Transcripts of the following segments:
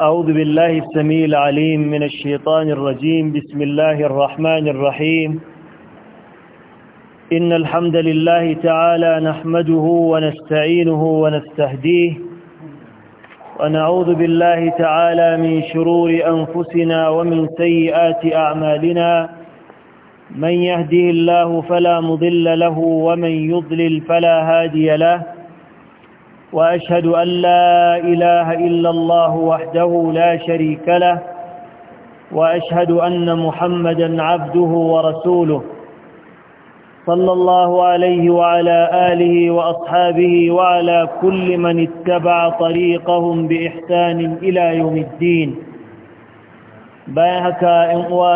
أعوذ بالله السميع العليم من الشيطان الرجيم بسم الله الرحمن الرحيم إن الحمد لله تعالى نحمده ونستعينه ونستهديه ونعوذ بالله تعالى من شرور أنفسنا ومن سيئات أعمالنا من يهده الله فلا مضل له ومن يضلل فلا هادي له وأشهد أن لا إله إلا الله وحده لا شريك له وأشهد أن محمدا عبده ورسوله صلى الله عليه وعلى آله وأصحابه وعلى كل من اتبع طريقهم بإحسان إلى يوم الدين باهك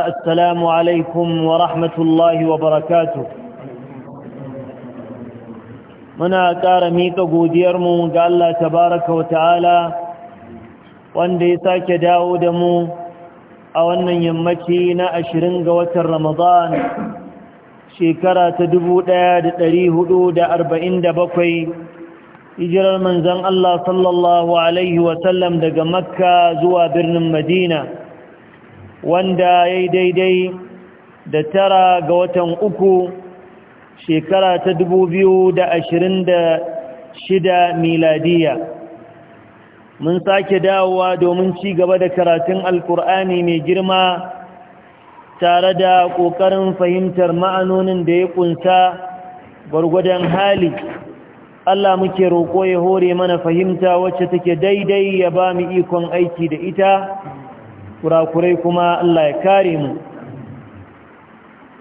السلام عليكم ورحمة الله وبركاته muna ƙara miƙa godiyarmu ga Allah tabaraka wa ta'ala wanda ya sake dawo da mu a wannan yammaci na ashirin ga watan Ramadan shekara ta dubu ɗaya da ɗari hudu da arba'in da bakwai hijirar manzan Allah sallallahu Alaihi wasallam daga Makka zuwa birnin Madina wanda ya yi daidai da tara ga watan uku shekara ta dubu biyu da da ashirin shida miladiya mun sake dawowa domin ci gaba da karatun alkur'ani mai girma tare da ƙoƙarin fahimtar ma'anonin da ya ƙunsa gwargwadon hali Allah muke roƙo ya hore mana fahimta wacce take daidai ya ba mu ikon aiki da ita kurakurai kuma Allah ya kare mu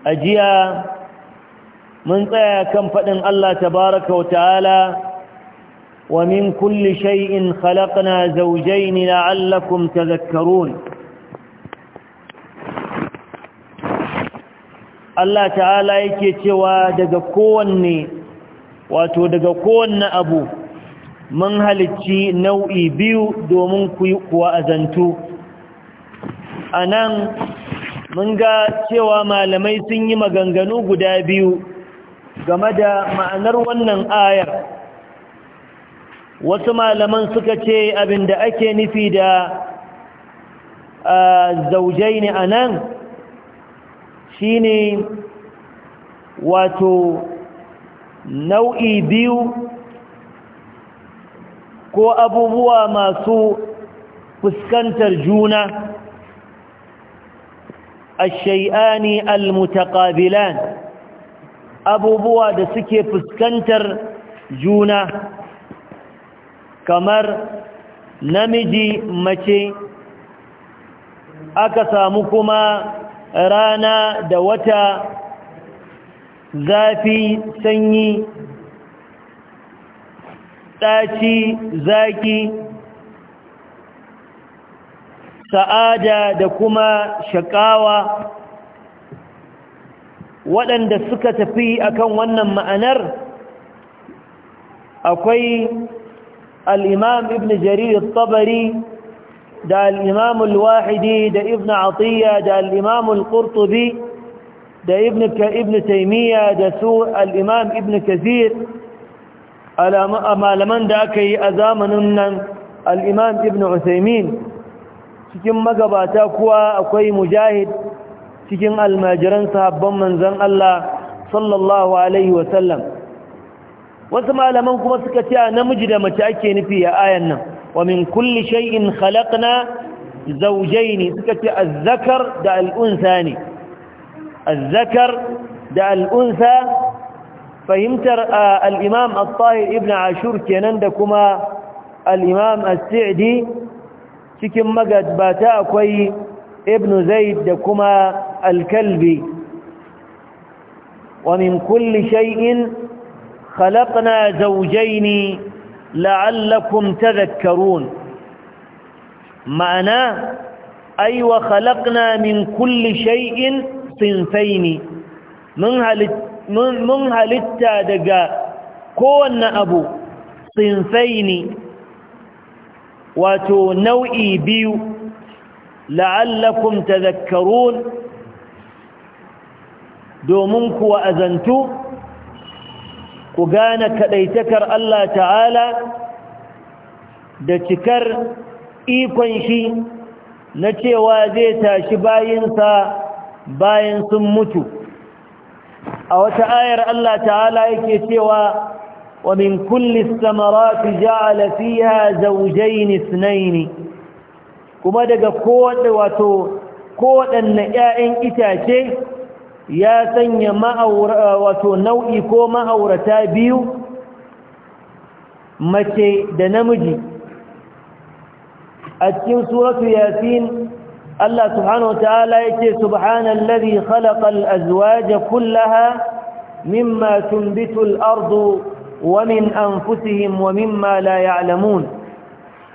a jiya. mun tsaya kan faɗin Allah tabaraka wa ta'ala wa min kulli shay'in khalaqna zawjayn la'allakum tadhakkarun Allah ta'ala yake cewa daga kowanne wato daga kowanne abu mun halicci nau'i biyu domin ku yi azantu a nan mun ga cewa malamai sun yi maganganu guda biyu game da ma'anar wannan ayar wasu malaman suka ce abinda ake nufi da zaujai ne a nan shi ne wato nau'i biyu ko abubuwa masu fuskantar juna الشيئان almutakabilan. abubuwa da suke fuskantar juna kamar namiji mace aka samu kuma rana da wata zafi sanyi ɗaci zaki sa'ada da kuma shaƙawa waɗanda suka tafi akan wannan ma'anar akwai al'imam ibn jarir tabari da al'imam al-wahidi da ibn atiyya da al'imam al-qurtubi da ibn taimiyya da su al'imam ibn kazir malaman da aka yi a zamanin nan al'imam ibn usaimin cikin magabata kuwa akwai mujahid cikin almajiran sahabban manzon Allah sallallahu alaihi wasallam wasu malaman kuma suka ce namiji da mace ake nufi a ayan nan wa min kulli shay'in khalaqna zawjayn suka ce azzakar da al'unsa ne az da al'unsa fahimtar al-imam at-tahir ibn ashur kenan da kuma al-imam as-sa'di cikin magabata akwai ibn zaid da kuma الكلب ومن كل شيء خلقنا زوجين لعلكم تذكرون معناه أي أيوة، وخلقنا من كل شيء صنفين من هل التادقاء كون أبو صنفين وتنوئي نوئي بيو لعلكم تذكرون domin ku wa'azantu ku gane kaɗaitakar Allah ta'ala da cikar ikon shi na cewa zai tashi bayinsa bayan sun mutu a wata ayar Allah ta'ala yake cewa ومن كل الثمرات جعل فيها زوجين اثنين Kuma daga كوت wato, كودن 'ya'yan itace ya sanya wato nau'i ko ma'aurata biyu mace da namiji a cikin suratu yasin Allah subhanahu wataala yake subhanallazi khalaqal azwaja kullaha mimma tunbitu al-ardu wa min anfusihim wa mimma la ya'lamun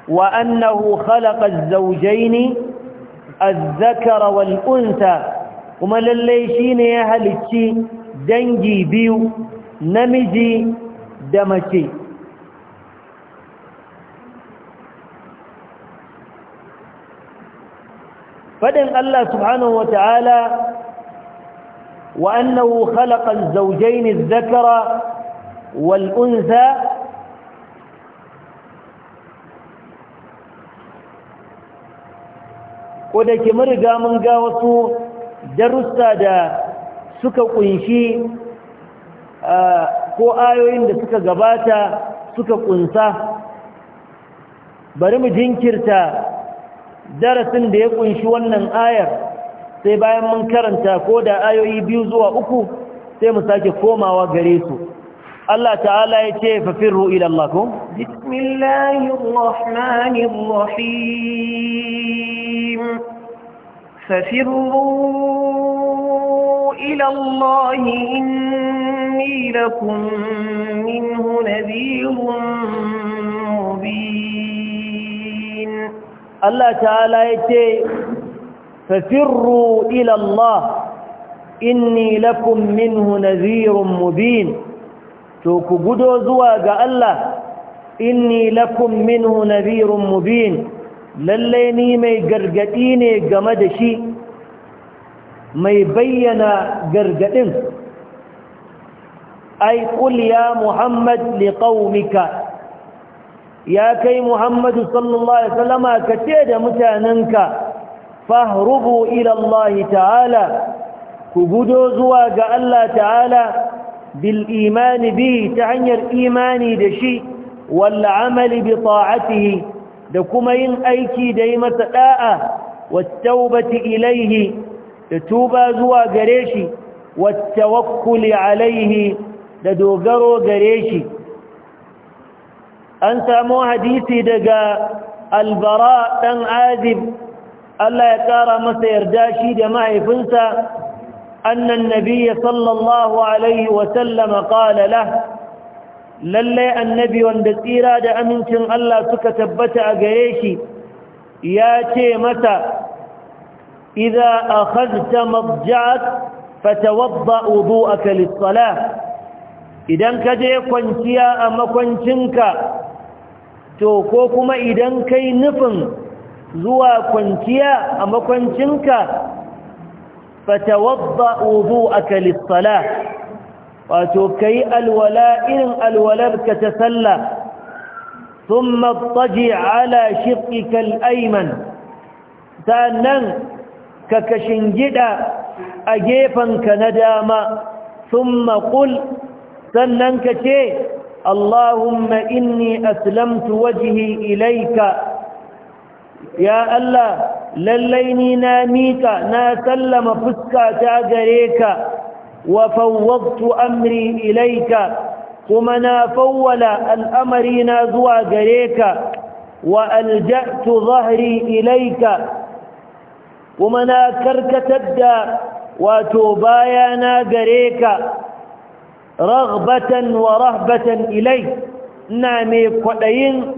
wa annahu khalaqa az-zawjayn adh-dhakara wal-untha kuma lallai shi ne ya halicci dangi biyu namiji da mace faɗin Allah subhanahu wa ta'ala wa annahu khalaqal zawjayn adh-dhakara wal untha kodake mun riga mun ga wasu darussa da suka kunshi ko ayoyin da suka gabata suka kunsa bari mu jinkirta darasin da ya kunshi wannan ayar sai bayan mun karanta ko da ayoyi biyu zuwa uku sai mu sake komawa gare su Allah ta'ala ya ce fafirru ila Allah bismillahir ففروا إلى الله إني لكم منه نذير مبين الله تعالى يتي ففروا إلى الله إني لكم منه نذير مبين توكبدوا زواج الله إني لكم منه نذير مبين lallai ni mai gargadi ne game da shi mai bayyana gargadin ai kulya ya muhammad liqaumika ya kai muhammadu sallallahu alaihi wasallama ka ce da mutanenka fahrubu ila Allah ta'ala ku gudo zuwa ga Allah ta'ala bil imani bi ta hanyar imani da shi wal amali bi ta'atihi da kuma yin aiki da yi masa da'a wattaubati ilaihi da tuba zuwa gare shi wattawakkuli alaihi da dogaro gare shi an samu hadisi daga albara dan azib Allah ya kara masa yarda shi da mahaifinsa annan nabiyya sallallahu alaihi wa sallama qala lahu lallai annabi wanda tsira da amincin Allah suka tabbata a gare shi ya ce masa idza akhadta mabja'at fatawadda wudu'aka lis-salah idan ka je kwanciya a makwancinka to ko kuma idan kai nufin zuwa kwanciya a makwancinka fatawadda wudu'aka lis-salah wato kai alwala'in alwalar ka ta sallah sun mabtaji ala shifikal aiman ta nan ka kashin gida a ka na dama sun maƙul sannan ka ce allahumma inni aslamtu wajihi ilaika ya Allah lallai ni na miƙa na sallama fuska ta gare ka وفوضت أمري إليك ثمنا فول الأمر نازوى قريك وألجأت ظهري إليك ومنا كرك تبدى وتوبايانا قريك رغبة ورهبة إليك نامي قلين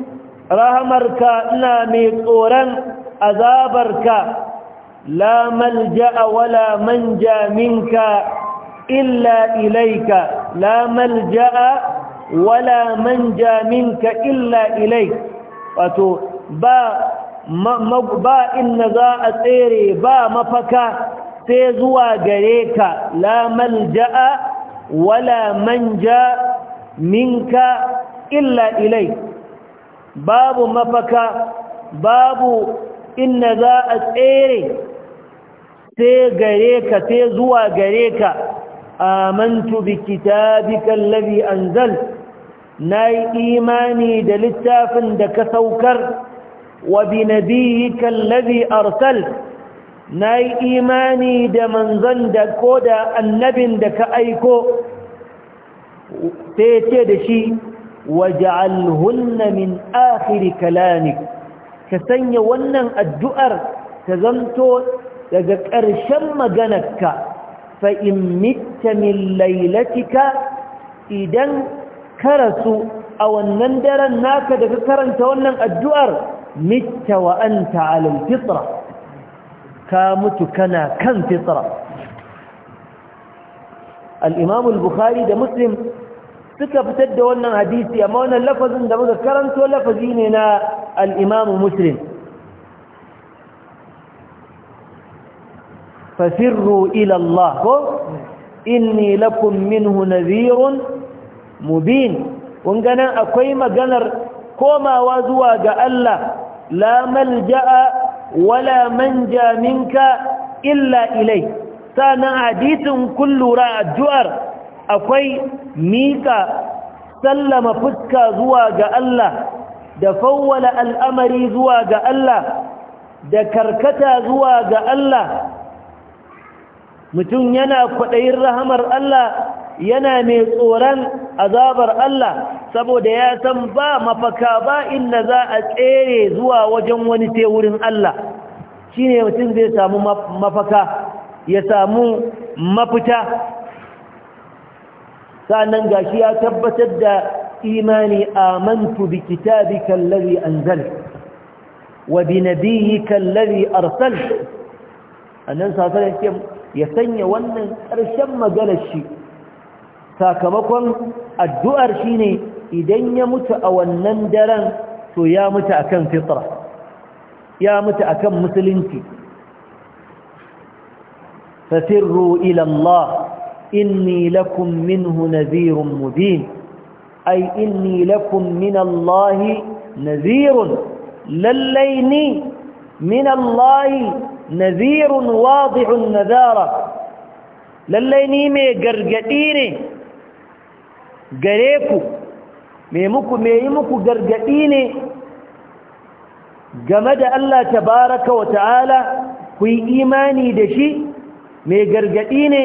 رهمرك نامي طورا أذابرك لا ملجأ ولا منجأ منك إلا إليك لا ملجأ ولا منجا منك إلا إليك wato ba ba inna za a tsere ba mafaka sai zuwa gare ka la malja'a wala manja minka illa ilai babu mafaka babu inna za a tsere sai gare ka sai zuwa gare ka آمنت بكتابك الذي أنزلت ناي إيماني دلتاف دك سوكر وبنبيك الذي أرسلت ناي إيماني دمنزن دكودا النبي دك أيكو تيتي وجعلهن من آخر كلامك كسن ونن الدؤر تزمتو daga شم maganarka fa in mitta min lailatika idan ka rasu a wannan daren naka da ka karanta wannan addu'ar mitta wa anta alal fitra ka mutu kana kan fitra Al'imamul bukhari da muslim suka fitar da wannan hadisi amma wannan lafazin da muka karanto lafazi ne na alimamu muslim fafirru ila Allah ko inni lakum minhu nadhirun mubin kun akwai maganar komawa zuwa ga Allah la malja'a wala manja minka illa ilai sanan hadisin kullura addu'ar akwai mika sallama fuska zuwa ga Allah da fawwala al'amari zuwa ga Allah da karkata zuwa ga Allah mutum yana kwaɗayin rahamar Allah yana mai tsoron azabar Allah saboda ya san ba mafaka ba inda za a tsere zuwa wajen wani te wurin Allah shi ne mutum zai samu mafaka ya samu mafita sa'annan gashi ya tabbatar da imani amantu bi kitabika allazi anzalta wa bi nabiyyika allazi arsalta annan sa sai ya sanya wannan ƙarshen maganar shi sakamakon addu'ar shi ne idan ya mutu a wannan daren to ya mutu akan fitra ya mutu akan musulunci fasirru ila Allah inni lakum minhu nadhirun mubin ay inni lakum min Allah nadhirun lallaini min Allah nazirun wadi'un nazara lallai ni mai gargadi ne gare ku mai yi muku gargadi ne game da Allah tabaraka wa ta'ala ku imani da shi mai gargadi ne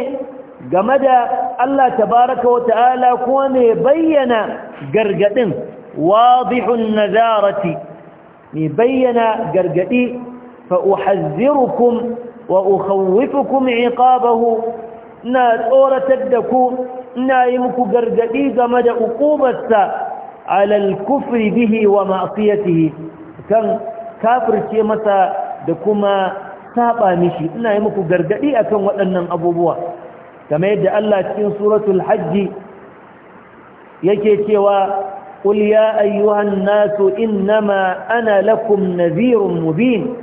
game da Allah tabaraka wa ta'ala kuma mai bayyana gargadin wadihun nazarati mai bayyana gargadi فأحذركم وأخوفكم عقابه نا تورة الدكو نا يمكو قرقدي قمد أقوبة على الكفر به ومعصيته كان كافر كيمسا دكما saba mishi ina yi muku gargadi akan waɗannan abubuwa kamar yadda Allah cikin suratul hajji yake cewa qul ya ayyuhan nasu innama ana lakum nadhirun mubin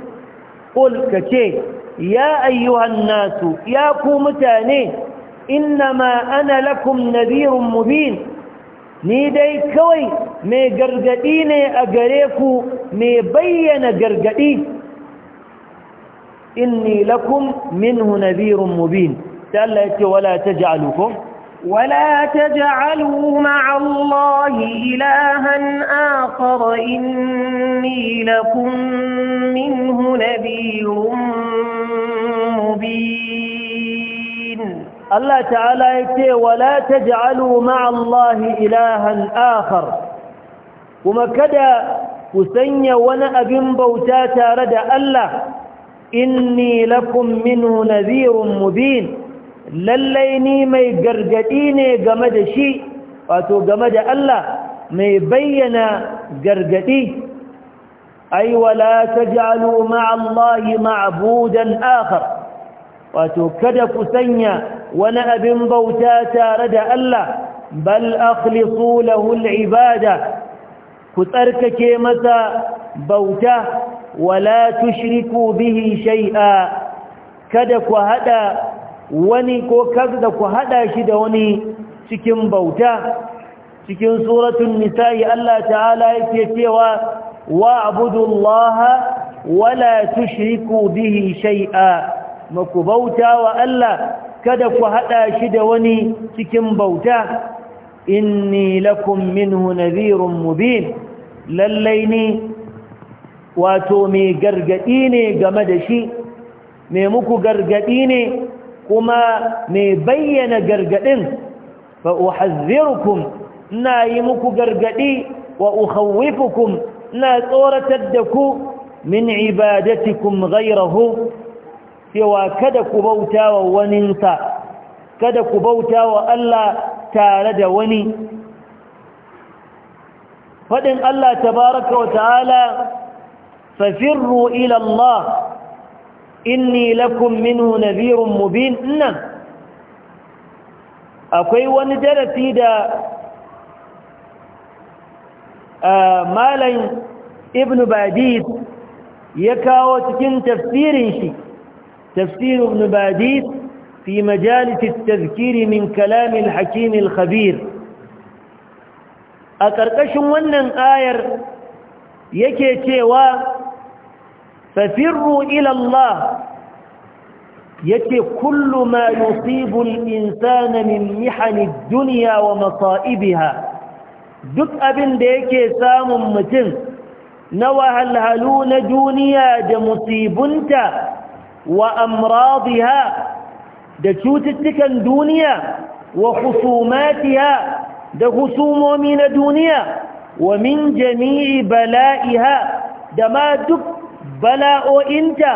قل كشي يا أيها الناس يا كومتاني إنما أنا لكم نذير مبين نيدي كوي مي قرقديني أقريكو مي بيّن قرقدي إني لكم منه نذير مبين تألّا يتي ولا تجعلكم ولا تجعلوا مع الله إلها آخر إني لكم منه نذير مبين الله تعالى يتي ولا تجعلوا مع الله إلها آخر وما كدا وسنيا وانا أبن بوتاتا ردى الله إني لكم منه نذير مبين lallai ni mai gargadi ne game da shi wato game da Allah mai bayyana gargadi ai wala taj'alu ma'a Allahi ma'budan akhar wato kada ku sanya wani abin bauta tare da Allah bal akhlisu lahu al-ibada ku tsarkake masa bauta wala tushriku bihi shay'a kada ku hada wani ko kada ku hada shi da wani cikin bauta cikin suratul nisa'i Allah ta'ala yake cewa wa abudullaha wala tushriku bihi shay'a maku bauta wa Allah kada ku hada shi da wani cikin bauta inni lakum minhu nadhirun mubin lallaini wato mai gargadi ne game da shi mai muku gargadi ne kuma mai bayyana gargadin fa uhazzirukum ina yi muku gargadi wa ukhawwifukum ina tsoratar da ku min ibadatikum ghayrahu cewa kada ku bauta wa waninsa kada ku bauta wa Allah tare da wani faɗin Allah tabaraka wa ta'ala fafirru ila Allah inni lakum minhu nadhirun mubin nan akwai wani darasi da malam ibn badis ya kawo cikin tafsirin shi tafsir ibn badis fi majalis at-tazkir min kalam al-hakim al-khabir a karkashin wannan ayar yake cewa ففروا إلى الله يكي كل ما يصيب الإنسان من محن الدنيا ومصائبها duk abin da yake samun mutum na wahalhalu na duniya da musibunta wa amradiha da cututtukan duniya wa husumatiha da husumomi na duniya wa min jami'i bala'iha da ma duk bala'o'inta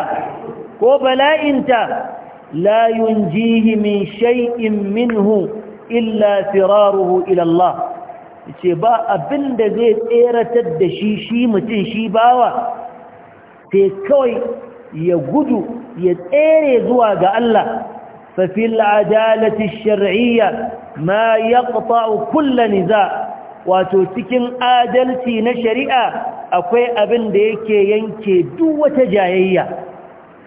ko bala'inta la yunjihi min shay'in minhu illa firaruhu ila Allah ba abin da zai tseratar da shi shi mutum shi bawa sai kawai ya gudu ya tsere zuwa ga Allah fa fil adalati shar'iyya ma yaqta'u kull niza' wato cikin adalci na shari'a akwai abin da yake yanke duk wata jayayya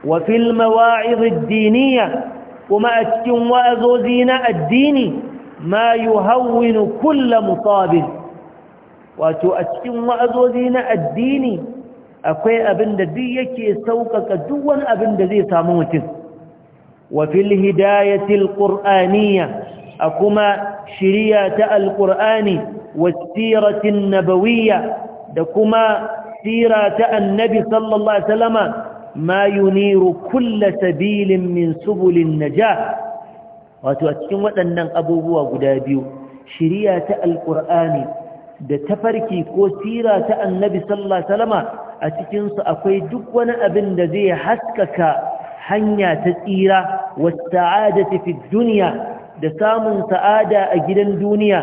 wa fil mawa'iz ad-diniyya kuma a cikin wa'azozi na addini ma yuhawwinu kull mutabin wato a cikin wa'azozi na addini akwai abin da duk yake sauƙaƙa duk wani abin da zai samu mutum wa fil hidayati quraniyya akuma Shirya ta Alƙur'ani wasiratin nabawiyya da kuma sira ta annabi sallallahu alaihi ma yuniru kulla sabilin min subulin naja wato a cikin waɗannan abubuwa guda biyu shiriya ta Alƙur'ani da tafarki ko sira ta annabi sallallahu alaihi wasallama a cikinsu akwai duk wani abin da zai haskaka hanya ta tsira wata adati fi duniya da samun sa'ada a gidan duniya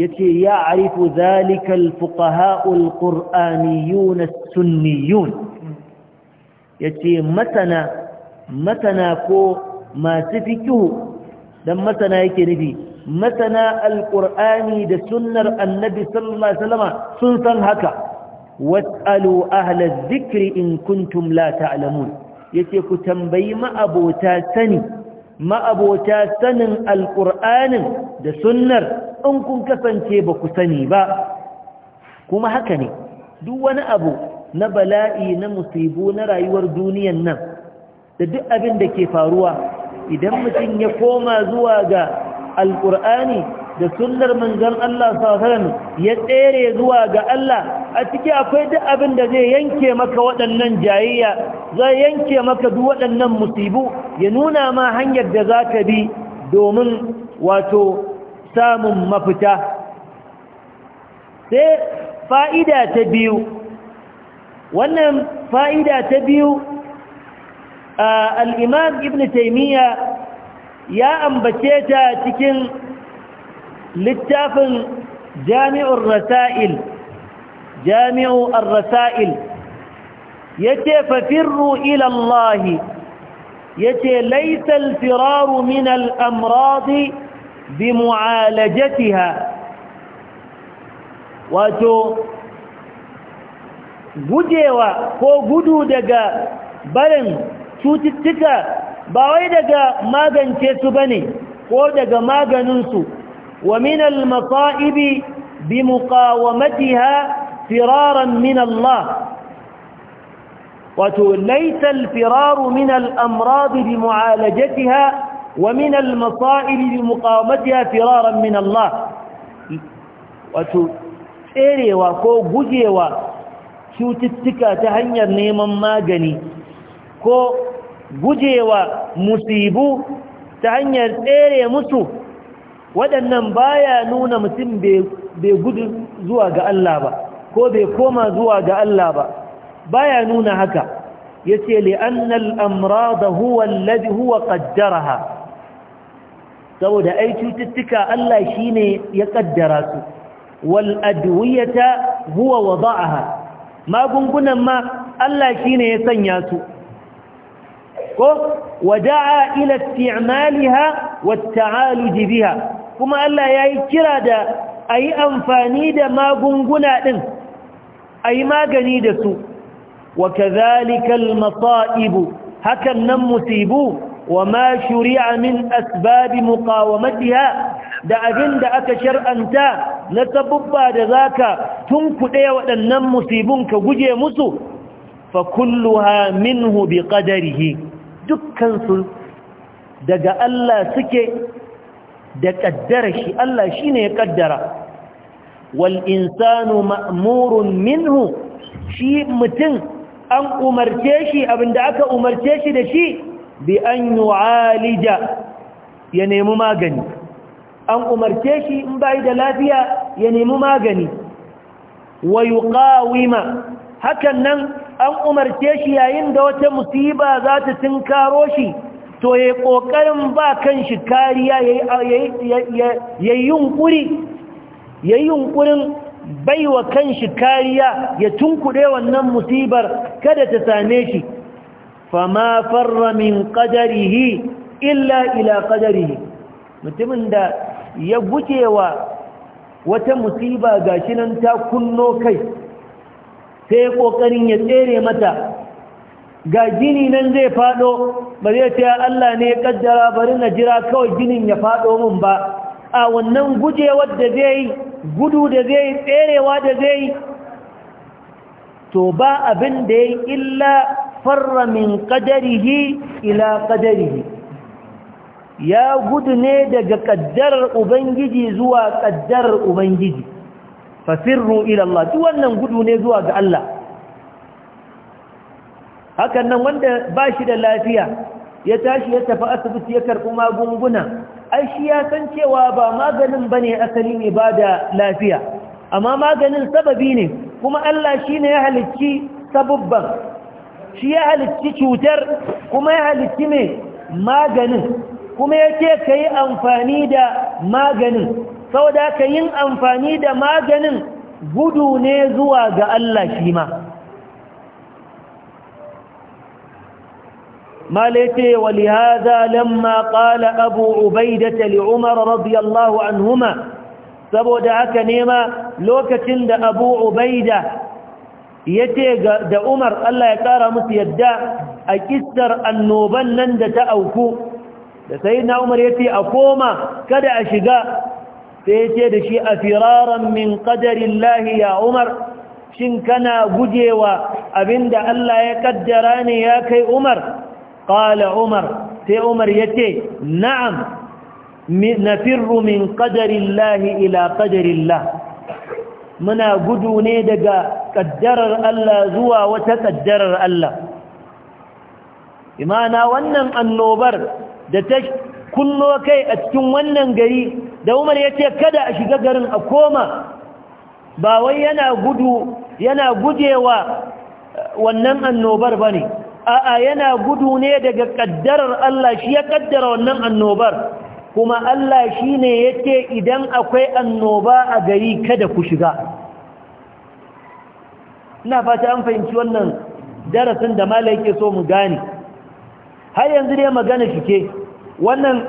yace ya arifu zalikal fuqaha'ul qur'aniyun as-sunniyun yace matana matana ko masu fikihu dan matana yake nufi matana alqur'ani da sunnar annabi sallallahu alaihi wasallam sun san haka was'alu ahla adh-dhikri in kuntum la ta'lamun yace ku tambayi ma'abota sani ma'abota sanin alƙur'anin da sunnar in kun kasance ba ku sani ba kuma haka ne duk wani abu na bala'i na musibu na rayuwar duniyan nan da duk abin da ke faruwa idan mutum ya koma zuwa ga alƙur'ani da sunnar manzon Allah sallallahu ya tsere zuwa ga Allah a ciki akwai duk abin da zai yanke maka waɗannan jayayya zai yanke maka duk waɗannan musibu ya nuna ma hanyar da za ka bi domin wato samun mafita sai fa'ida ta biyu wannan fa'ida ta biyu al'imam ibn taimiyya ya ambace ta cikin littafin jami'ur rasail jami'u ar-rasail yace fafirru ila Allah yace laysa al-firar min al-amrad bi mu'alajatiha wato gujewa ko gudu daga barin cututtuka ba wai daga magance su bane ko daga maganinsu ومن المصائب بمقاومتها فرارا من الله وليس الفرار من الأمراض بمعالجتها ومن المصائب بمقاومتها فرارا من الله tserewa ko gujewa cututtuka تتكا hanyar نيما magani ko gujewa musibu ta hanyar tsere musu waɗannan baya nuna mutum bai gudu zuwa ga Allah ba ko bai koma zuwa ga Allah ba baya nuna haka yace li'anna al-amrada huwa alladhi huwa ha saboda ai cututtuka Allah ne ya kaddara su wal adwiyata huwa wada'aha magungunan ma Allah shine ya sanya su ko wada'a ila isti'malha wat ta'aluj biha kuma Allah ya yi kira da a yi amfani da magunguna ɗin a yi magani da su wa kazalikal masa'ibu hakan nan musibu wa ma shuri'a min asbabi muqawamatiha da abinda da aka shar'anta na sabubba da zaka tunkuɗe waɗannan musibun ka guje musu fa kulluha minhu biqadarihi dukkan su daga Allah suke da kaddara shi Allah shine ya kaddara wal insanu ma'murun minhu shi mutum an umarce shi abinda aka umarce shi da shi bi an yu'alija ya nemi magani an umarce shi in bai da lafiya ya nemi magani wa yuqawima hakan nan an umarce shi yayin da wata musiba za ta tinkaro shi to ya ƙoƙarin ba kan shi kariya ya yi yunƙuri ya yi baiwa kan shi kariya ya tunkuɗe wannan musibar kada ta same shi fama farra min ƙadarihi illa ila ƙadarihi mutumin da ya wa wata musiba ga shi nan ta kunno kai sai ƙoƙarin ya tsere mata ga jini nan zai faɗo ba zai ce Allah ne ya kaddara bari na jira kawai ginin ya faɗo min ba a wannan gujewar da zai gudu da zai tserewa da zai to ba abin da ya illa farra min qadarihi ila qadarihi ya gudu ne daga kaddarar ubangiji zuwa kaddarar ubangiji fasirru ila Allah wannan gudu ne zuwa ga Allah hakan nan wanda ba shi da lafiya ya tashi ya tafi asibiti ya karɓi magunguna ai shi ya san cewa ba maganin bane asali ne ba da lafiya amma maganin sababi ne kuma Allah shi ne ya halicci sabubban shi ya halicci cutar kuma ya halicci mai maganin kuma ya ce ka yi amfani da maganin sau da ka yin amfani da maganin gudu ne zuwa ga Allah shi ma مالتي ولهذا لما قال أبو عبيدة لعمر رضي الله عنهما سبود هكا نيما لوكتن دا أبو عبيدة يتي دا عمر الله يكار مسيدا أكسر النوبان نند تأوكو دا سيدنا عمر يتي أقوما كدا أشقاء فيتي دا شيء فرارا من قدر الله يا عمر shin kana gujewa abinda Allah ya kaddara ne ya kai Umar qala umar sai umar yace na'am nafirru min qadarillahi ila qadarillah muna gudu ne daga kaddarar Allah zuwa wata kaddarar Allah imana wannan annobar da ta kullo kai a cikin wannan gari da Umar yace kada a shiga garin a koma ba wai yana yana gujewa eh, wannan annobar bane a'a yana gudu ne daga kaddarar Allah shi ya kaddara wannan annobar kuma Allah shi ne yake idan akwai annoba a gari kada ku shiga ina fata an fahimci wannan darasin da malai so mu gane har yanzu dai magana shike wannan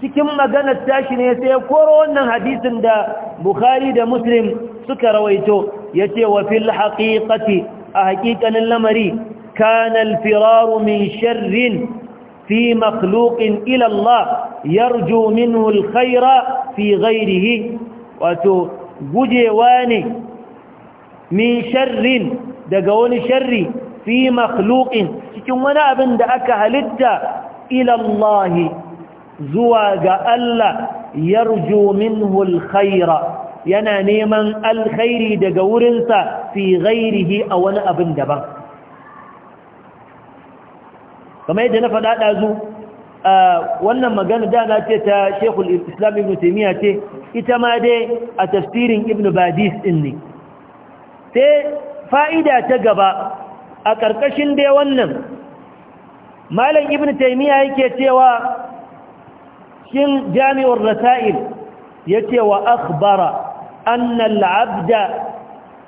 cikin maganar tashi ne sai koro wannan hadisin da bukhari da muslim suka rawaito ya ce wa fil haƙiƙati a haƙiƙanin lamari كان الفرار من شر في مخلوق إلى الله يرجو منه الخير في غيره وتجوان من شر دقون شر في مخلوق كمنا أبن دعك هلت إلى الله زواج ألا يرجو منه الخير ينا نيما الخير دقورنسا في غيره أو أبن دبا kamar yadda na faɗa ɗazu wannan magana dana ce ta shekul islam ibn taimiyya ce ita ma dai a tafsirin ibn badis ɗin ne sai fa'ida ta gaba a ƙarƙashin dai wannan malam ibn taimiyya yake cewa shin jami'ar rasa'il ya ce wa akhbara annal abda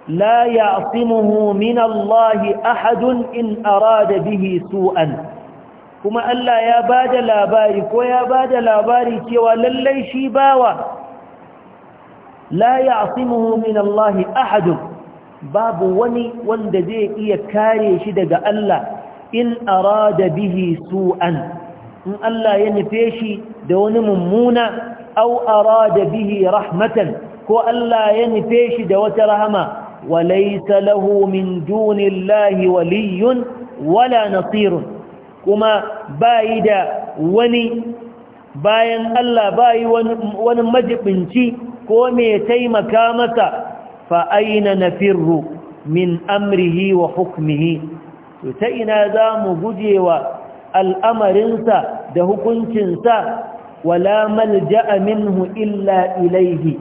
la ya asimuhu min Allahi ahadun in arada bihi su'an kuma Allah ya ba da labari ko ya ba da labari cewa lallai shi bawa la ya'simuhu min Allah ahad babu wani wanda zai iya kare shi daga Allah in arada bihi su'an in Allah ya nufe shi da wani mummuna au arada bihi rahmatan ko Allah ya nufe shi da wata rahama walaysa lahu min dunillahi waliyyun wala nasirun kuma bayi da wani bayan Allah bayi wani majibinci ko mai taimaka masa fa na nafirru min amrihi wa hukmihi ta ina za mu gujewa al'amarinsa da hukuncinsa wala malja'a minhu illa ilaihi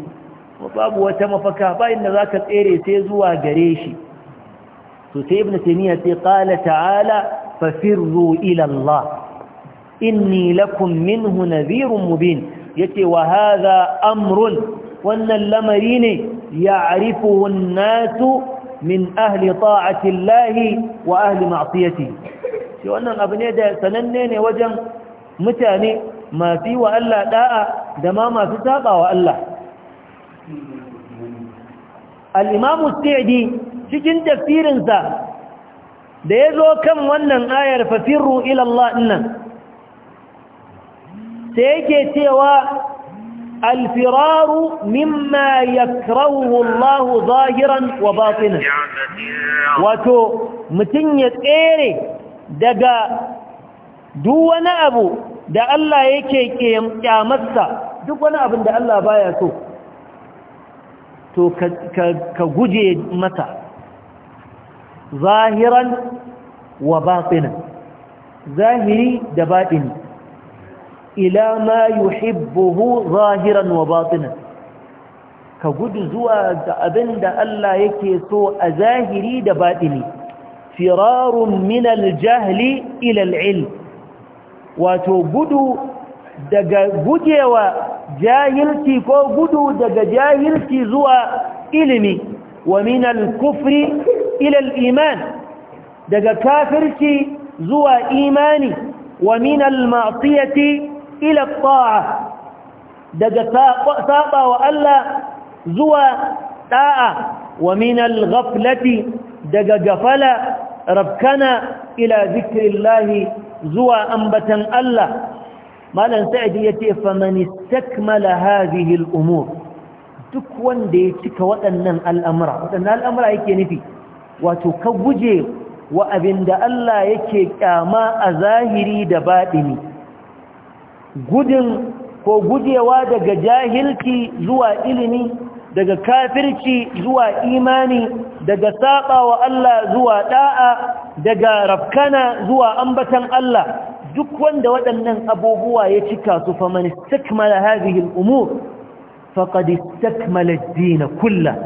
babu wata mafaka bayan da zaka tsere sai zuwa gare shi to ibn sai ta'ala fafirru ila Allah inni lakum minhu nadhirun mubin yace wa amrun wannan lamari ne ya'rifuhu an-nasu min ahli ta'ati Allah wa ahli ma'siyati shi wannan abu ne da sananne ne wajen mutane masu yi wa da'a da ma masu saba wa Allah al-imamu sa'di cikin tafsirinsa da ya zo kan wannan ayar fafirru ilallah nan sai yake cewa alfiraru mimma ya Allahu zahiran wa batinan wato mutum ya tsere daga duwane abu da Allah yake kyamarsa duk wani abin da Allah baya so to ka guje mata zahiran wa batinan zahiri da batini ila ma yuhibbuhu zahiran wa batinan ka gudu zuwa ga abin da Allah yake so a zahiri da batini firarun min aljahli ila alilm wato gudu daga gujewa jahilci ko gudu daga jahilci zuwa ilimi wa min alkufri ilal iman daga kafirci zuwa imani wa min al-ma'siyati ila at daga saba wa Allah zuwa da'a wa min al-ghaflati daga gafala rafkana, ila zikirillahi zuwa ambatan Allah malan sa'idi yace faman istakmala hadhihi al-umur duk wanda ya cika waɗannan al'amura waɗannan al'amura yake nufi wato ka guje wa abinda Allah yake kyama a zahiri da baɗini gudun ko gujewa daga jahilci zuwa ilimi daga kafirci zuwa imani daga saba wa Allah zuwa da'a daga rafkana zuwa ambatan Allah duk wanda waɗannan abubuwa ya cika su faman istakmala hadhihi al-umur faqad istakmala ad-din kullahu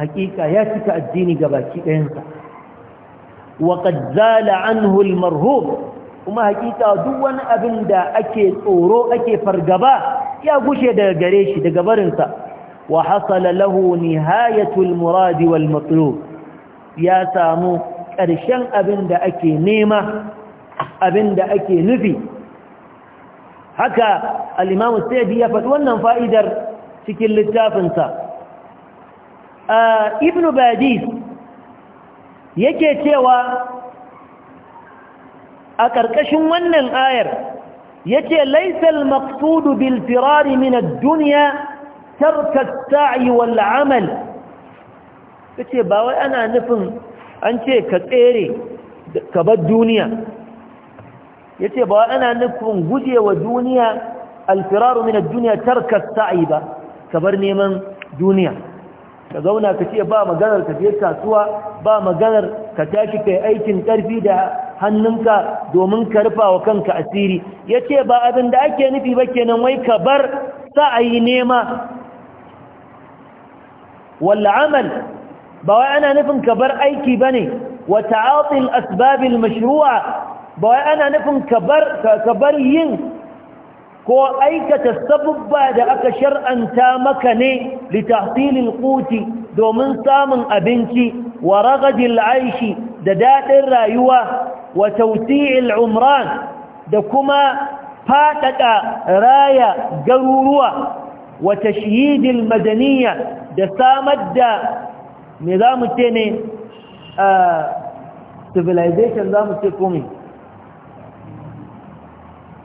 hakika ya cika addini ga ɗayansa wa qad anhu kuma hakika duk wani abin da ake tsoro ake fargaba ya gushe daga gare shi daga barinsa wa hasala lahu nihayatul muradi wal ya samu ƙarshen abin da ake nema abin da ake nufi haka al-imam ya faɗi wannan fa'idar cikin littafinsa ibn badis yake cewa a ƙarƙashin wannan ayar yace laisal maqsudu bil firari min ad-dunya tarka as-sa'i wal 'amal yace ba wai ana nufin an ce ka tsere ka bar duniya yace ba wai ana nufin gujewa duniya al firaru min ad-dunya tarka as-sa'i ba ka bar neman duniya ka zauna ka ce ba maganar ka je kasuwa ba maganar ka tashi kai aikin karfi da hannunka domin ka rufa wa kanka asiri ya ce ba abin da ake nufi ba kenan wai ka bar ayi nema walla amal ba wai ana nufin ka bar aiki ba ne wa ta'atil asbabil mashru'a ba wai ana nufin ka bar yin ko aikata sabubba da aka shar'anta maka ne litahsilil quti domin samun abinci wa ragadil aishi da dadin rayuwa wa tawti'il umran da kuma faɗaɗa raya garuruwa wa tashyidil madaniyya da samar da me zamu ce ne civilization zamu ce komai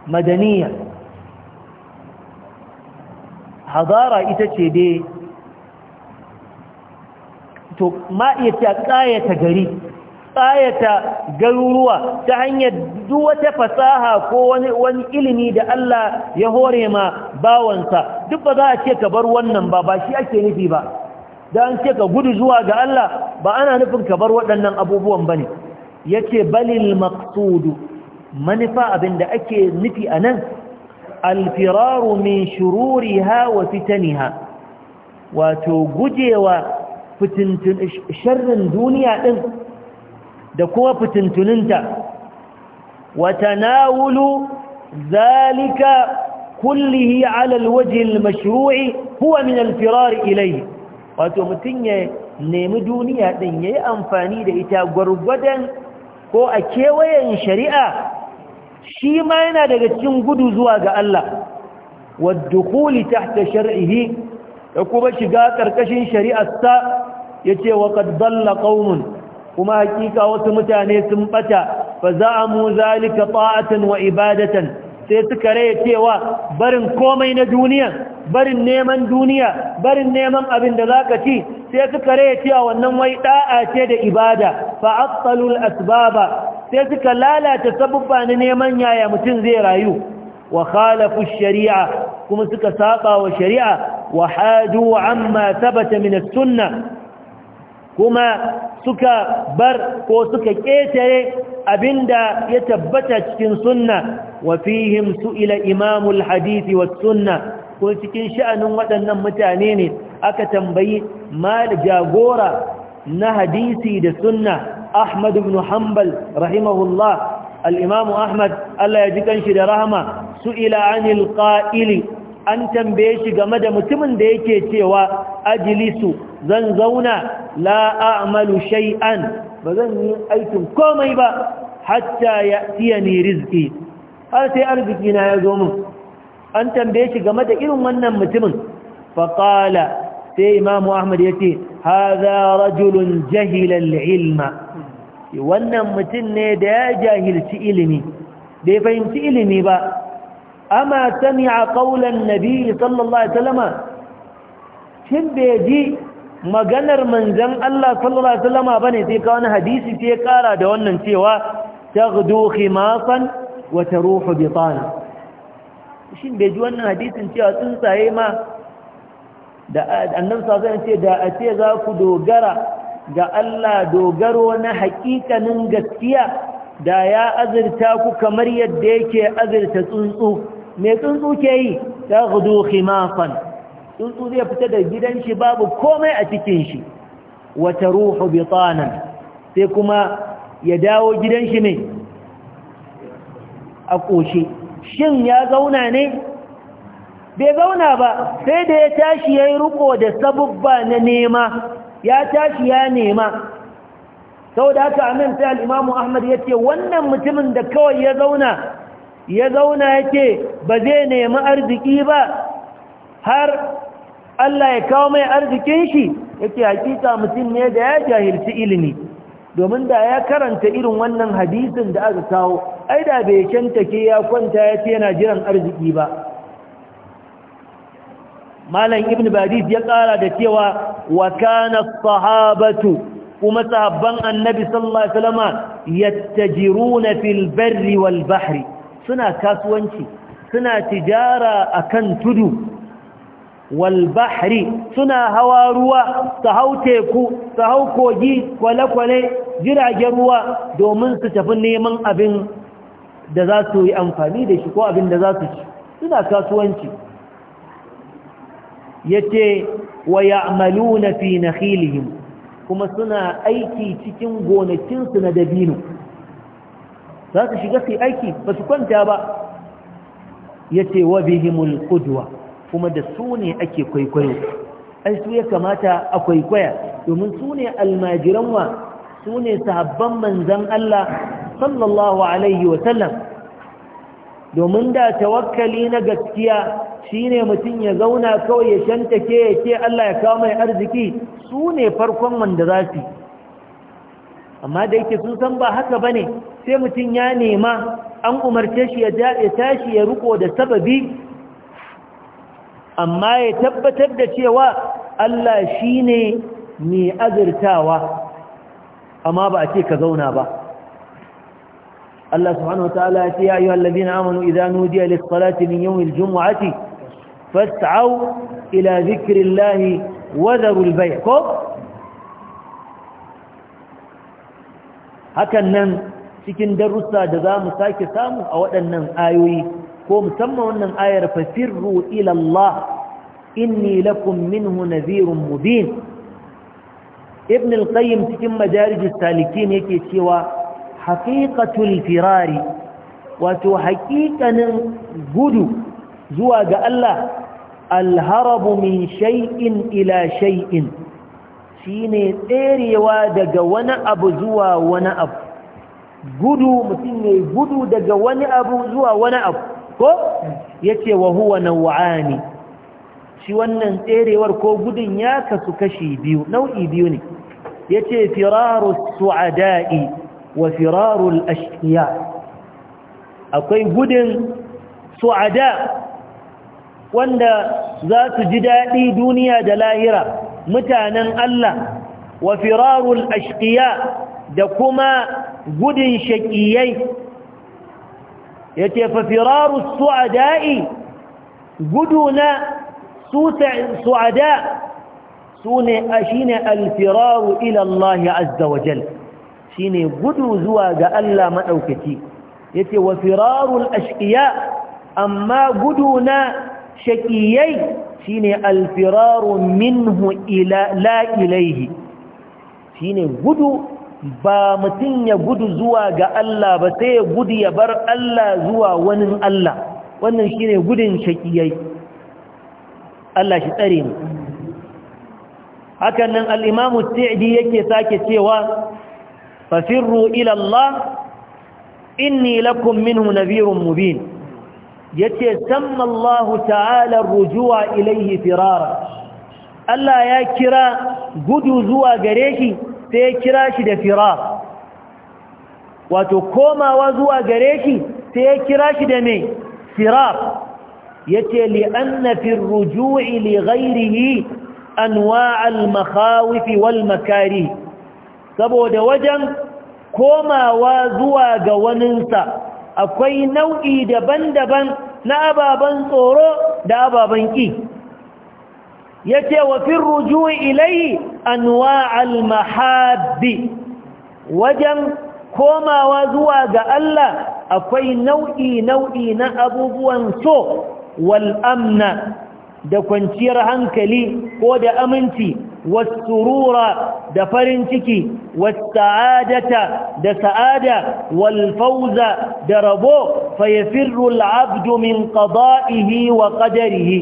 madaniyya Hazara ita ce dai to ma iya ta ƙayata gari ƙayata garuruwa ta hanyar duk wata fasaha ko wani, wani ilimi da Allah ya hore ma bawansa duk ba za a ce ka bar wannan ba ba shi ake nufi ba da ce ka gudu zuwa ga Allah ba ana nufin ka bar waɗannan abubuwan ba yace ya balil maksudu manufa abinda ake nufi anan? alfiraru min shururiha wa fitaniha wato gujewa fitintun sharrin duniya din da kuma fitintuninta wa tanawulu zalika kullihi ala alwajhi almashru'i huwa min alfirar ilayhi wato mutun ya nemi duniya din yayi amfani da ita gurgurdan ko a kewayen shari'a shi ma yana daga cikin gudu zuwa ga Allah ta tahta shar'ihi da kuma shiga ƙarƙashin shari'asta, ya yace wa qad dalla kuma hakika wasu mutane sun ɓata fa za'amu zalika ta'atan wa ibadatan sai suka raye cewa barin komai na duniya barin neman duniya barin neman abin da za ka ci sai suka raya cewa wannan wai da'a ce da ibada fa asbaba sai suka lalata sabubba na neman yaya mutum zai rayu wa khalafu shari'a kuma suka saba wa shari'a wa hadu amma thabata min as kuma suka bar ko suka ƙetare abinda ya tabbata cikin sunna wa fihim su'ila imamul hadisi was sunna ko cikin sha'anin waɗannan mutane ne aka tambayi mal jagora na hadisi da sunna Ahmad ibn Hanbal rahimahullah al-Imam Ahmad Allah ya ji kanshi da rahama su'ila anil qa'ili an tambaye shi game da mutumin da yake cewa ajilisu zan zauna la a'malu shay'an ba zan yi aikin komai ba hatta ya tiya ni rizqi har sai arziki na ya zo min an tambaye shi game da irin wannan mutumin faƙala sai imamu ahmad ya ce haza rajulun jahilal ilma wannan mutum ne da ya jahilci ilimi bai fahimci ilimi ba ama a qaulan nabi sallallahu alaihi wasallam shin bai ji maganar manzon Allah sallallahu alaihi ba ne sai ka wani hadisi sai ya kara da wannan cewa taghdu khimasan wata ruhu bitana shin bai ji wannan hadisin cewa tsuntsaye ma da annan sasan ce da a ce za ku dogara ga Allah dogaro na haƙiƙanin gaskiya da ya azurta ku kamar yadda yake azurta tsuntsu mai tsuntsu ke yi ta gudu himafan tsuntsu zai fita da gidan shi babu komai a cikin shi wata ruhu bitanan sai kuma ya dawo gidan shi ne a ƙoshe shin ya zauna ne bai zauna ba sai da ya tashi ya yi riko da sabubba na nema ya tashi ya nema sau da haka amin sai al'imamu ahmad ya ce wannan mutumin da kawai ya zauna ya zauna ya ce ba zai nemi arziki ba har Allah ya kawo mai arzikin shi ya ce hakika mutum ne da ya jahilci ilimi domin da ya karanta irin wannan hadisin da aka kawo ai da bai ke ya kwanta ya ce yana jiran arziki ba malam ibn badis ya kara da cewa wa kana sahabatu kuma sahabban annabi sallallahu alaihi wasallam yattajiruna fil barri wal bahri suna kasuwanci suna tijara akan tudu walbahri suna hawa ruwa su hau teku su hau kogi kwale-kwale jiragen ruwa domin su tafi neman abin da za su yi amfani da shi ko abin da za su ci suna kasuwanci ya ce wa na fi na kuma suna aiki cikin gonakinsu na dabino za su shiga su aiki ba su kwanta ba ya ce wa bihimul kudwa kuma da su ne ake kwaikwayo ai su ya kamata a kwaikwaya domin su ne almajiran wa su ne sahabban manzan Allah sallallahu alaihi wa sallam domin da tawakkali na gaskiya shine mutum ya zauna kawai ya shantake ya ce Allah ya kawo mai arziki su ne farkon wanda za su amma da yake sun san ba haka bane sai mutum ya nema an umarce shi ya tashi ya riko da sababi amma ya tabbatar da cewa Allah shi ne mai azurtawa amma ba a ce ka zauna ba Allah subhanahu wata'ala ya ce ya yi ladina amanu idza nudiya lis salati min yawmil jum'ati fas'au ila dhikrillahi wa dharul bay' ko hakan nan cikin darussa da za mu sake samu a waɗannan ayoyi ko musamman wannan ayar fasirru ila Allah inni lakum minhu nadhirun mubin ibn al-qayyim cikin majarijus salikin yake cewa haqiqatul firari wato haqiqanin gudu zuwa ga Allah alharabu min shay'in ila shay'in shine tserewa daga wani abu zuwa wani abu gudu mutum ne gudu daga wani abu zuwa wani abu ko yace wa huwa naw'ani shi wannan tserewar ko gudun ya kasu kashi biyu nau'i biyu ne yace firaru su'ada'i wa firaru al-ashqiya akwai gudun su'ada wanda za su ji daɗi duniya da lahira mutanen Allah wa firarul ashqiya da kuma gudun shaƙiyai yace firaru fafiraru su'ada'i gudu na su'ada su ne shi ne alfiraru ilallahi azza wa jal shi gudu zuwa ga Allah maɗaukaki yace wa firaru ashkiya amma gudu na shakiyai shine alfiraru minhu la ilaihi shine gudu ba mutum ya gudu zuwa ga Allah ba sai ya gudu ya bar Allah zuwa wani Allah wannan shi ne gudun shaƙiyai Allah shi tsare ne. hakan nan al'imamu ta'adi yake sake cewa fasirru ilallah inni lakum minhu nabirun mubin yace samma Allah ta'ala rujuwa ilaihi firara Allah ya kira gudu zuwa gare shi sai ya kira shi da firar wato komawa zuwa gare shi sai ya kira shi da mai firar ya ce li'anna fi rujui li an wa'al makhawifi wal makari saboda wajen komawa zuwa ga waninsa akwai nau'i daban-daban na ababen tsoro da ababen ƙi yace wa fir ilai ilayhi anwa'al mahabbi wajen komawa zuwa ga Allah akwai nau'i nau'i na abubuwan so wal'amna da kwanciyar hankali ko da aminci wasurura da farin ciki wasa'adata da sa'ada wal da rabo fa yafirru al 'abdu min qada'ihi wa qadarihi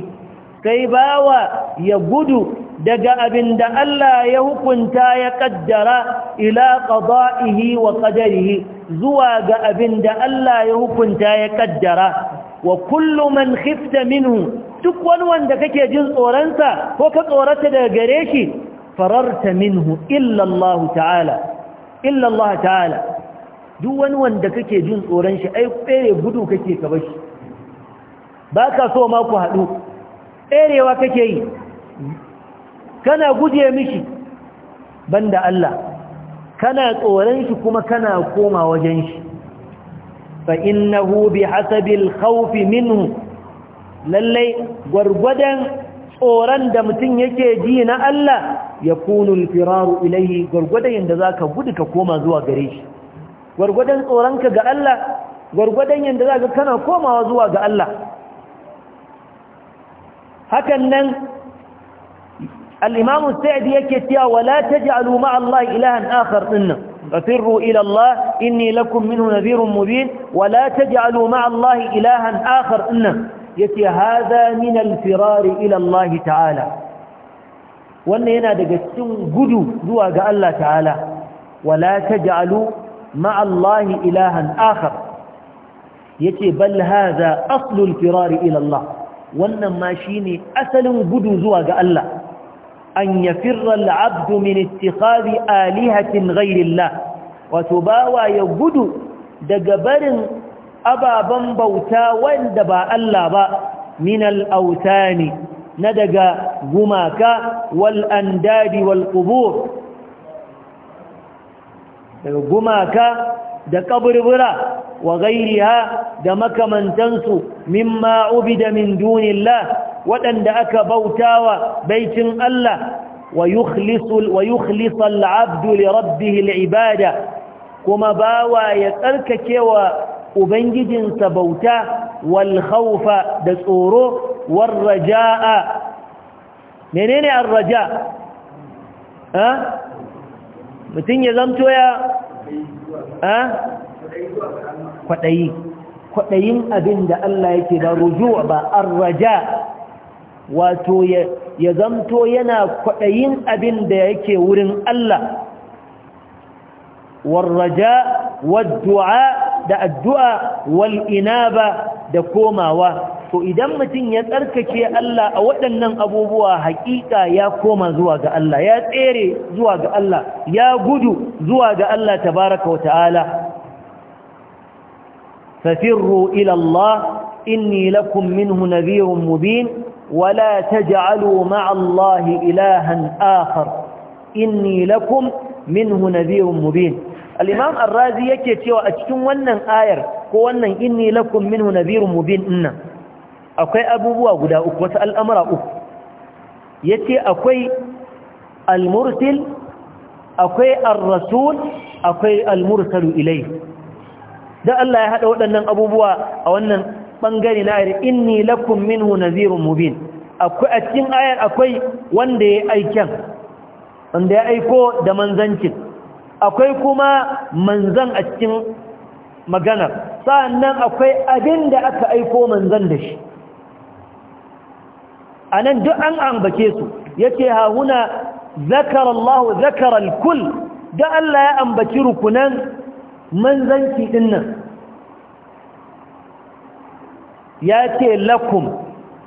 kai bawa ya gudu daga abin da Allah ya hukunta ya kaddara ila qada'ihi wa qadarihi zuwa ga abin da Allah ya hukunta ya kaddara wa kullu man khifta minhu duk wani wanda kake jin tsoronsa ko ka tsorata daga gare shi fararta minhu illa Allah ta'ala illa Allah ta'ala duk wani wanda kake jin tsoron shi ai gudu kake ka bashi baka so ma ku haɗu tserewa kake yi kana guje mishi banda Allah kana tsoron shi kuma kana koma wajen shi fa innahu bihasabil khawfi minhu lallai gwargwadon tsoron da mutum yake ji na Allah ya kunun firaru ilaihi gwargwadon yadda za ka gudu ka koma zuwa gare shi gwargwadon tsoronka ga Allah gwargwadon yadda za ka kana komawa zuwa ga Allah هكذا الإمام al'imamu sa'adi yake ولا تجعلوا مع الله إلها آخر إن dinnan ففروا إلى الله إني لكم منه نذير مبين ولا تجعلوا مع الله إلها آخر إن يتي هذا من الفرار إلى الله تعالى وأن هنا دقتم قدوا دوا قال الله تعالى ولا تجعلوا مع الله إلها آخر يتي بل هذا أصل الفرار إلى الله wannan ma shine asalin gudu zuwa ga Allah an yafirra al'abdu min ittikhadhi alihatin ghayrillah wato bawa ya gudu daga barin ababan bauta wanda ba Allah ba min al'autani na daga gumaka wal andadi wal qubur daga gumaka da kaburbura wa gairiha da makamantansu mimma ubida min dunillah waɗanda aka bautawa baitin Allah wa yukhlisa al'abdu li rabbihi al'ibada kuma bawa ya tsarkakewa ubangijinsa bauta wal khawfa da tsoro war raja'a menene ar-raja' mutum ya zamto ya kwaɗayi kwaɗayin abin da Allah yake da rujuwa ba an raja wato ya zamto yana kwaɗayin abin da yake wurin Allah warraja waddu'a da addu'a ba da komawa to idan mutum ya tsarkake Allah a waɗannan abubuwa haƙiƙa ya koma zuwa ga Allah ya tsere zuwa ga Allah ya gudu zuwa ga Allah tabaraka wa ta'ala fafirru ila Allah inni lakum minhu nadhirun mubin wala taj'alu ma'a Allah ilahan akhar inni lakum minhu nadhirun mubin al-imam ar-razi yake cewa a cikin wannan ayar ko wannan inni lakum minhu nadhirun mubin dinnan akwai abubuwa guda uku wasu al'amura uku ya ce akwai al-mursil akwai al-rasul akwai al-mursalu ilai da Allah ya haɗa waɗannan abubuwa a wannan ɓangare na ayar inni lakum minhu nazirun mubin akwai a cikin ayar akwai wanda ya aiken wanda ya aiko da manzancin akwai kuma manzan a cikin maganar sa'annan akwai abin da aka aiko manzan da shi anan duk an ambace su yace ha huna zakara Allah zakara al-kull da Allah ya ambaci rukunan manzanci dinnan yace lakum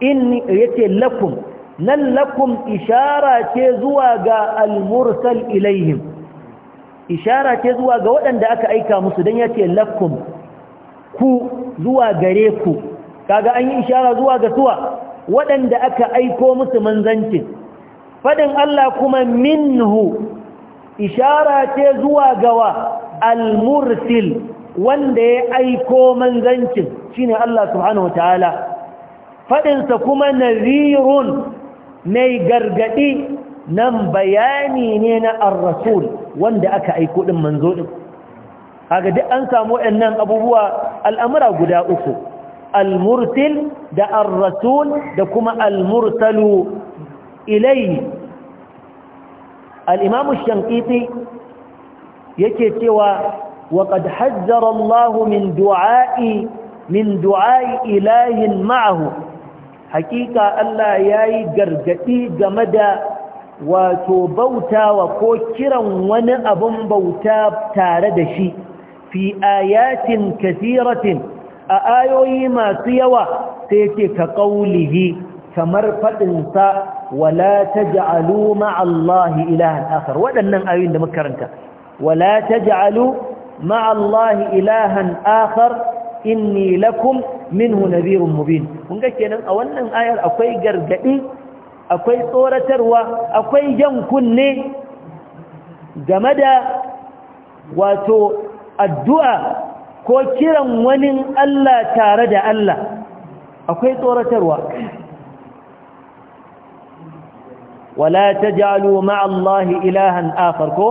in yace lakum nan lakum ishara ce zuwa ga al-mursal ilaihim ishara ce zuwa ga waɗanda aka aika musu dan yace lakum ku zuwa gare ku kaga an yi ishara zuwa ga suwa waɗanda aka aiko musu manzancin faɗin Allah kuma minhu ishara ce zuwa gawa al-mursil wanda ya aiko manzancin shine Allah subhanahu wataala Faɗinsa kuma nazirun mai gargadi nan bayani ne na ar-rasul wanda aka aiko din manzo din Haga duk an samu waɗannan abubuwa al'amura guda uku al da ar-rasul da kuma al murtalu ilayhi al-imam ash-shanqiti yake cewa wa qad Allah min du'a'i min du'a'i ilahin ma'ahu hakika Allah yayi gargadi game da wato bautawa ko kiran wani abun bauta tare da shi fi ayatin kathiratin a ayoyi masu yawa sai ce ka qaulihi kamar fadin sa wala taj'alu ma'allahi ilahan akhar ayoyin da muka karanta wala taj'alu ma'allahi ilahan akhar inni lakum minhu nadhirun mubin kun ga kenan a wannan ayar akwai gargadi akwai tsoratarwa akwai jan kunne game da wato addu'a ko kiran wani Allah tare da Allah akwai tsoratarwa wala taj'alu ma'a Allah ilahan akhar ko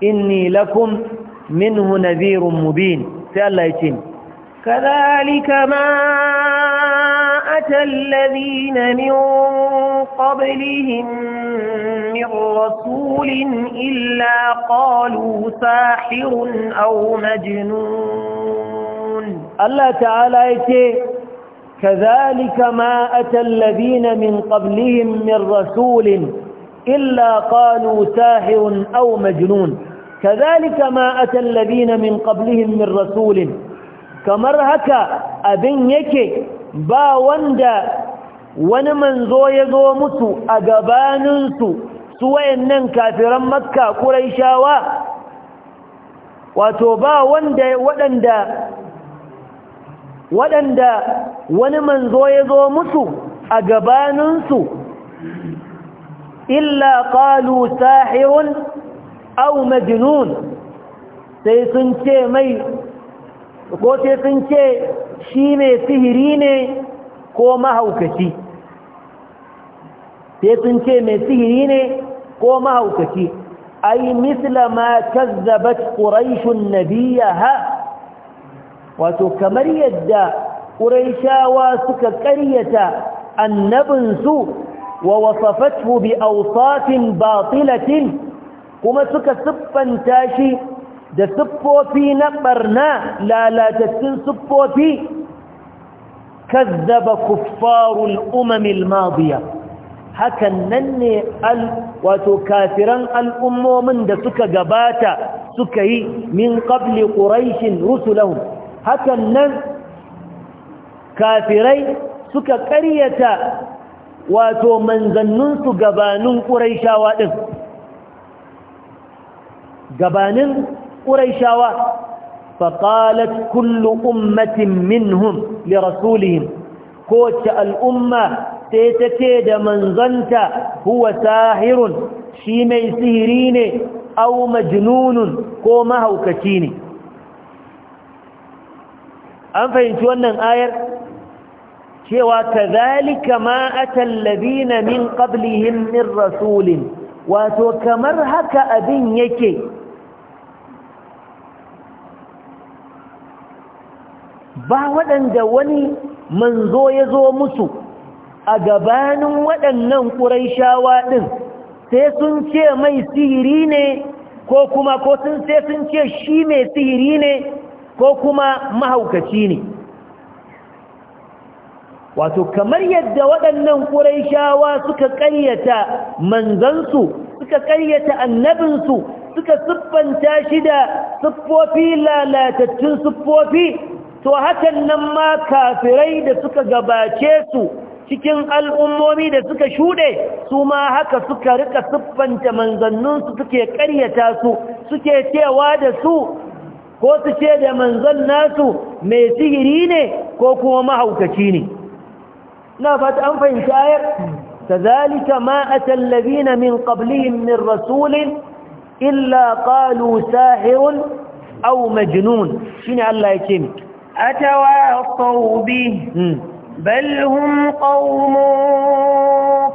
inni lakum minhu nadhirun mubin sai Allah ya kadhalika ma أتى الذين من قبلهم من رسول إلا قالوا ساحر أو مجنون الله تعالى يتي كذلك ما أتى الذين من قبلهم من رسول إلا قالوا ساحر أو مجنون كذلك ما أتى الذين من قبلهم من رسول كمرهك أبن يكي ba wanda wani manzo ya zo musu a gabaninsu su wayannan kafiran makka ƙuraishawa wato ba wanda waɗanda waɗanda wani manzo ya zo musu a gabaninsu illa ƙalu sahirun au majnun sai sun ce mai ko sai sun ce shi mai sihiri ne ko mahaukaci sai sun ce mai sihiri ne ko mahaukaci ai mislama ma kazzabat quraishun nabiyaha wato kamar yadda ƙuraishawa suka ƙaryata annabinsu wa wasafathu bi awsafin batilatin kuma suka siffanta shi da siffofi na barna lalatattun siffofi kazzaba kuffarul umamil madiya hakan nan ne wato kafiran al'ummomin da suka gabata suka yi min qabli quraishin rusulahum hakan nan kafirai suka ƙaryata wato manzanninsu gabanin ƙuraishawa ɗin gabanin Quraishawa faqalat kullu ummatin minhum li rasulihim kocha al umma tetete da manzonta huwa sahirun shi mai ne au majnunun ko mahaukaci ne an fahimci wannan ayar cewa kazalika ma atallazina min qablihim min rasulin wato kamar haka abin yake ba waɗanda wani manzo ya zo musu a gabanin waɗannan ƙuraishawa ɗin sai sun ce mai sihiri ne ko kuma ko sun sai sun ce shi mai sihiri ne ko kuma mahaukaci ne wato kamar yadda waɗannan ƙuraishawa suka ƙaryata manzansu suka ƙaryata annabinsu suka siffanta shi da siffofi lalatattun siffofi to hakan nan ma kafirai da suka gabace su cikin al'ummomi da suka shuɗe su ma haka suka rika siffanta manzanninsu suke ƙaryata su suke cewa da su ko su ce da manzan nasu mai sihiri ne ko kuma mahaukaci ne na fata an fahimci ayar كذلك ما أتى الذين من قبلهم من رسول إلا قالوا ساحر أو مجنون أتواصوا به بل هم قوم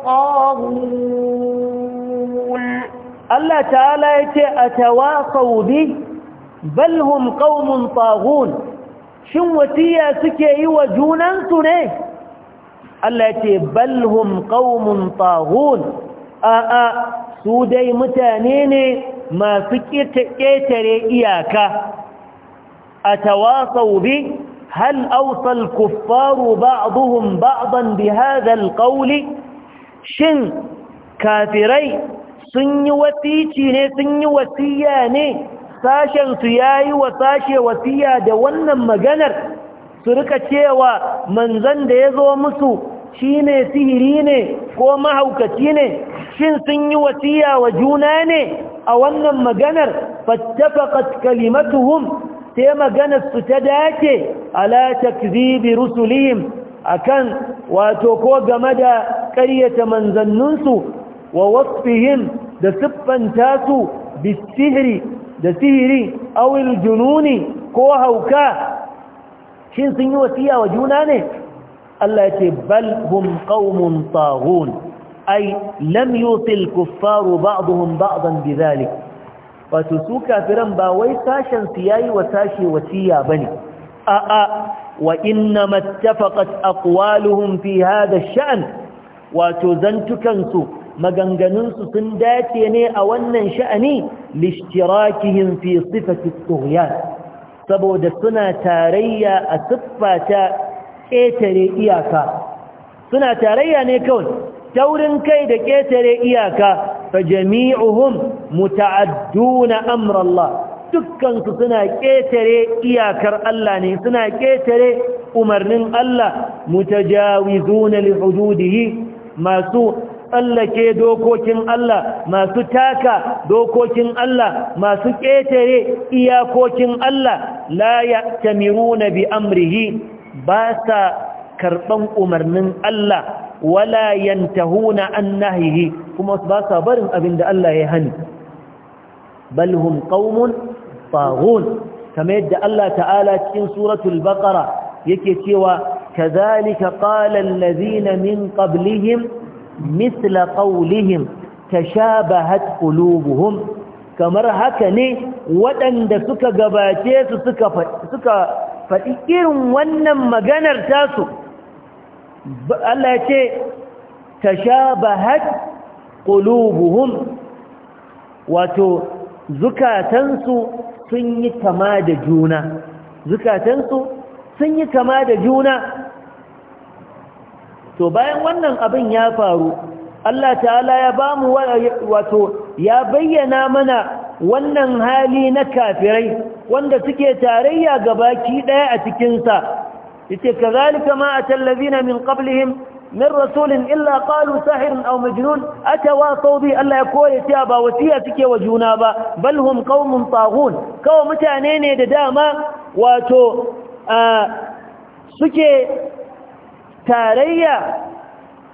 طاغون الله تعالى أتواصوا به بل هم قوم طاغون shin wasiya suke yi wa junansu ne Allah ce balhum qaumun taghun a'a su dai mutane ne masu ƙetare iyaka أتواصوا به هل أوصى الكفار بعضهم بعضا بهذا القول شن كافري سن وثيتي سن وثياني ساشا سياي وساشي وثيا دونا مجنر سركة شيوى من زند يزو مسو shine sihiri ne ko mahaukaci ne shin sun yi wasiya wa juna ne a wannan maganar fattafaqat kalimatuhum sai maganar su ta dace ala takzibi rusulihim akan wato ko game da ƙaryata manzanninsu wa wasfihim da siffanta su bisihiri da sihiri awil jununi ko hauka shin sun yi wasiya wa juna ne Allah ya ce bal hum qaumun taghun ay lam yusil kuffaru ba'dhum ba'dan bidhalik wato su kafiran ba wai sashen su yayi wa sashe wasiya bane a a wa inna mattafaqat aqwaluhum fi hadha ash-sha'n wato zantukan su maganganun su sun dace ne a wannan sha'ani lishtirakihim fi sifati at-tughyan saboda suna tarayya a siffata ƙetare iyaka suna tarayya ne kawai taurin kai da ƙetare iyaka fa jami'uhum muta'adduna amra Allah dukkan su suna ƙetare iyakar Allah ne suna ƙetare umarnin Allah mutajawizuna li hududihi masu tsallake dokokin Allah masu taka dokokin Allah masu ƙetare iyakokin Allah la ya'tamiruna bi amrihi ba sa karɓan umarnin Allah wala yantahuna an kuma ba sa barin abin da Allah ya hani bal hum qaumun taghun kamar yadda Allah ta'ala cikin suratul baqara yake cewa kadhalika qala alladhina min qablihim mithla qawlihim tashabahat qulubuhum kamar haka ne waɗanda suka gabace su suka faɗi irin wannan maganar tasu Allah ya ce tashabahat qulubuhum wato zukatansu sun yi kama da juna zukatansu sun yi kama da juna to bayan wannan abin ya faru Allah ta'ala ya bamu wato ya bayyana mana wannan hali na kafirai wanda suke tarayya gabaki ɗaya a cikinsa yace kazalika ma atal ladina min qablihim min rasulin illa qalu sahirun a majnun atawasaw bi Allah ya koye cewa ba wasiya suke wa juna ba bal hum qaumun taghun kawai mutane ne da dama wato suke tarayya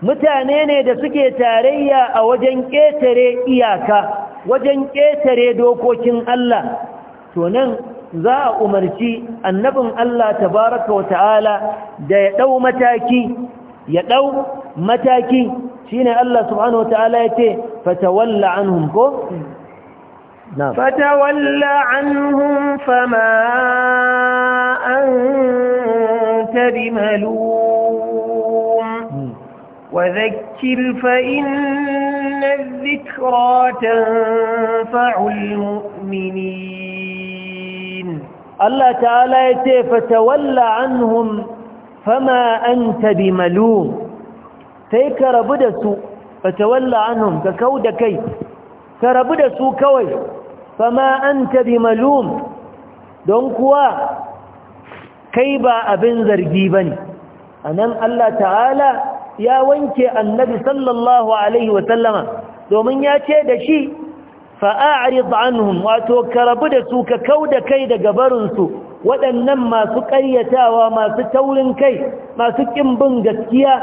mutane ne da suke tarayya a wajen ƙetare iyaka wajen ƙetare dokokin Allah to nan za a umarci annabin Allah tabaraka wa ta'ala da ya ɗau mataki ya ɗau mataki Shi ne Allah subhanahu wa ta'ala ya ce fatawalla anhum ko فتولى عنهم فما أنت بملوم وذكر فإن الذكرى تنفع المؤمنين Allah ta'ala ya ce fatawalla anhum fama anta bimalum sai ka rabu da su fatawalla anhum ka da kai ka rabu da su kawai fama anta bimalum don kuwa kai ba abin zargi bane anan Allah ta'ala ya wanke annabi sallallahu alaihi wa sallama domin ya ce da shi fa'arid anhum wato rabu da su ka kau da kai daga barinsu waɗannan masu ƙaryatawa masu taurin kai masu ƙimbin gaskiya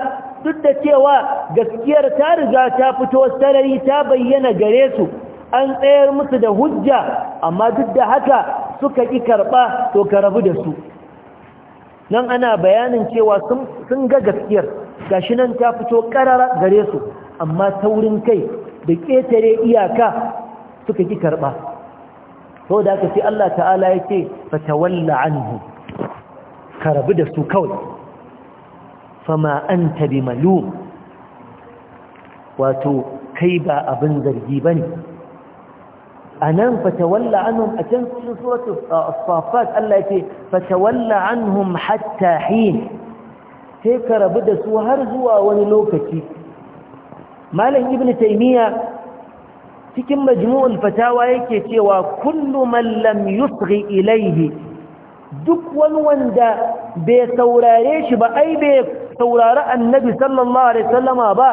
duk da cewa gaskiyar ta riga ta fito sarari ta bayyana gare su an tsayar musu da hujja amma duk da haka suka ƙi karɓa to ka rabu da su nan ana bayanin cewa sun ga gaskiyar gashi nan ta fito ƙarara gare su amma taurin kai da ƙetare iyaka suka ki karba to da aka ce Allah ta'ala yake fatawalla anhu karabu da su kawai fama anta bimalum wato kai ba abin zargi bane anan fatawalla anhum a can cikin as-safat Allah yake fatawalla anhum hatta hin sai karabu da su har zuwa wani lokaci malam ibnu taymiya cikin majmu'ul fatawa yake cewa kullu man lam yusghi ilayhi duk wani wanda bai saurare shi ba ai bai saurari annabi sallallahu alaihi wasallama ba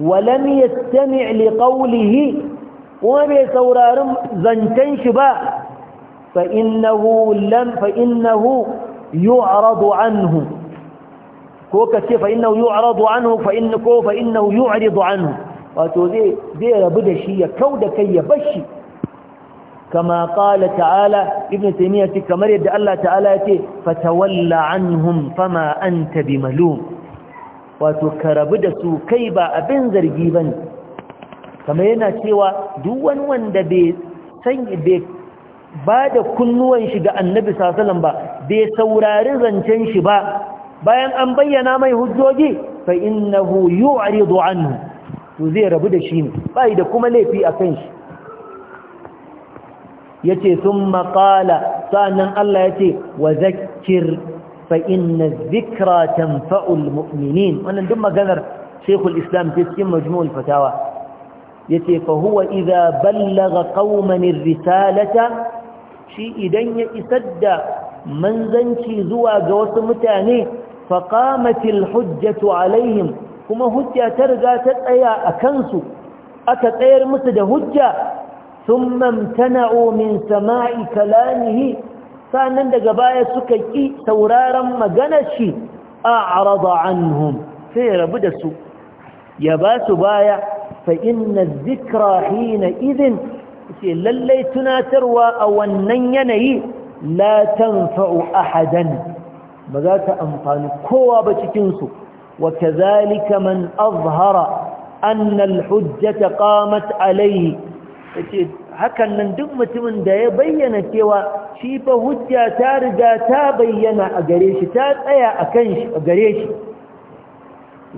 walam yastami' li qawlihi kuma bai saurari zancen shi ba fa innahu lam fa innahu yu'radu anhu ko kace fa innahu yu'radu anhu fa innahu fa innahu yu'ridu anhu wato zai rabu da shi ya kau da kai ya bashi kama kala ta'ala ibn taymiya ce kamar yadda Allah ta'ala ya ce fatawalla anhum fama anta malum. wato ka rabu da su kai ba abin zargi ne. Kama yana cewa duk wani wanda bai san bai ba da kunnuwan shi ga annabi sasalan ba bai saurari zancen shi ba bayan an bayyana mai hujjoji fa innahu yu'ridu anhu to zai rabu da shi ne bai da kuma laifi a kan shi ya ce sun maƙala sa'annan Allah ya ce wa zakir fa'inna zikra tamfa'ul mu'minin wannan duk maganar shekul islam ta cikin majmu'ul fatawa ya ce fa huwa iza ballaga kaumanin risalata shi idan ya isar da manzanci zuwa ga wasu mutane faƙamatil hujjatu alaihim kuma hujja ta riga ta tsaya a kansu aka tsayar musu da hujja sun mamtana'o min sama'i kalamihi sanan daga baya suka ƙi sauraron maganar shi a arada anhum sai ya rabu da su ya ba su baya fa inna zikra hina idin ce lallai tunatarwa a wannan yanayi la tanfa'u ahadan ba za ta amfani kowa ba cikinsu وكذلك من أظهر أن الحجة قامت عليه هكا من دمة من دا يبين كيوا شيب هجة تاردى تابين أقريش تاد أيا أكنش أقريش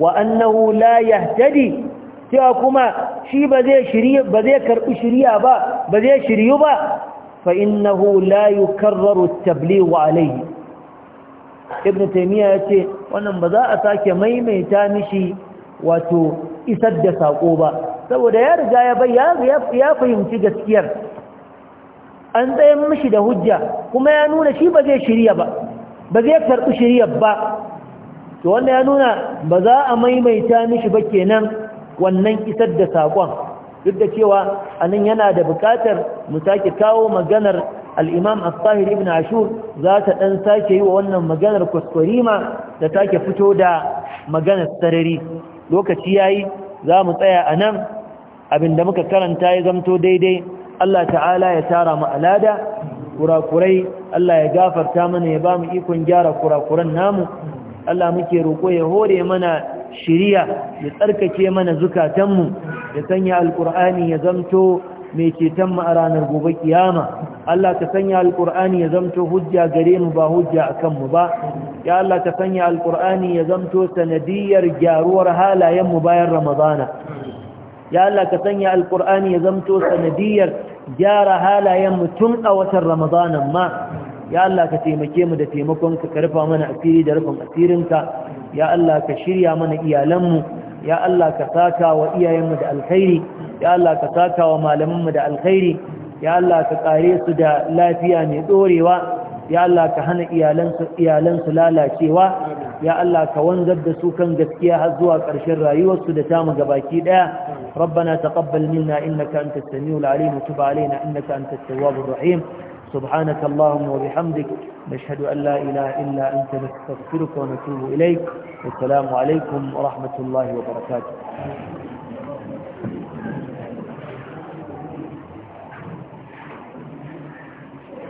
وأنه لا يهتدي تأكما شي بذي شريع بذي كرق شريع با بذي شريع با فإنه لا يكرر التبليغ عليه ابن تيمية يتي wannan ba za a sake maimaita mishi wato isar da sako ba saboda ya riga ya bai ya fahimci gaskiyar an tsayin mishi da hujja kuma ya nuna shi ba zai shirya ba ba zai karɓi shirya ba to wanda ya nuna ba za a maimaita mishi ba kenan wannan isar da sakon duk da cewa a nan yana da buƙatar mu sake kawo maganar al'imam tahir ibn ashur za ta ɗan sake yi wa wannan maganar kwaskwarima da take fito da maganar sarari lokaci ya yi za mu tsaya a nan abinda muka karanta ya zamto daidai Allah ta'ala ya tara mu alada kurakurai Allah ya gafarta mana ya ba mu ikon gyara kurakuran namu Allah muke roƙo ya hore mana shiriya ya tsarkake mana zukatanmu ya sanya alkur'ani ya zamto mai ceton mu a ranar gobe kiyama Allah ka sanya alkur'ani ya zamto hujja gare mu ba hujja akan mu ba ya Allah ka sanya alqur'ani ya zamto sanadiyar gyaruwar halayen mu bayan ramadana ya Allah ka sanya alqur'ani ya zamto sanadiyar gyara halayen mu tun a watan ramadana ma ya Allah ka taimake mu da taimakon ka karfa mana asiri da rufin asirinka ya Allah ka shirya mana iyalanmu ya Allah ka saka wa iyayenmu da alkhairi ya Allah ka saka wa malamanmu da alkhairi ya Allah ka kare su da lafiya mai dorewa ya Allah ka hana iyalansu iyalansu lalacewa ya Allah ka wanzar da su kan gaskiya har zuwa ƙarshen rayuwarsu da tamu gabaki daya ربنا تقبل منا إنك أنت السميع العليم وتب علينا إنك أنت التواب الرحيم سبحانك اللهم وبحمدك نشهد أن لا إله إلا أنت نستغفرك ونتوب إليك والسلام عليكم ورحمة الله وبركاته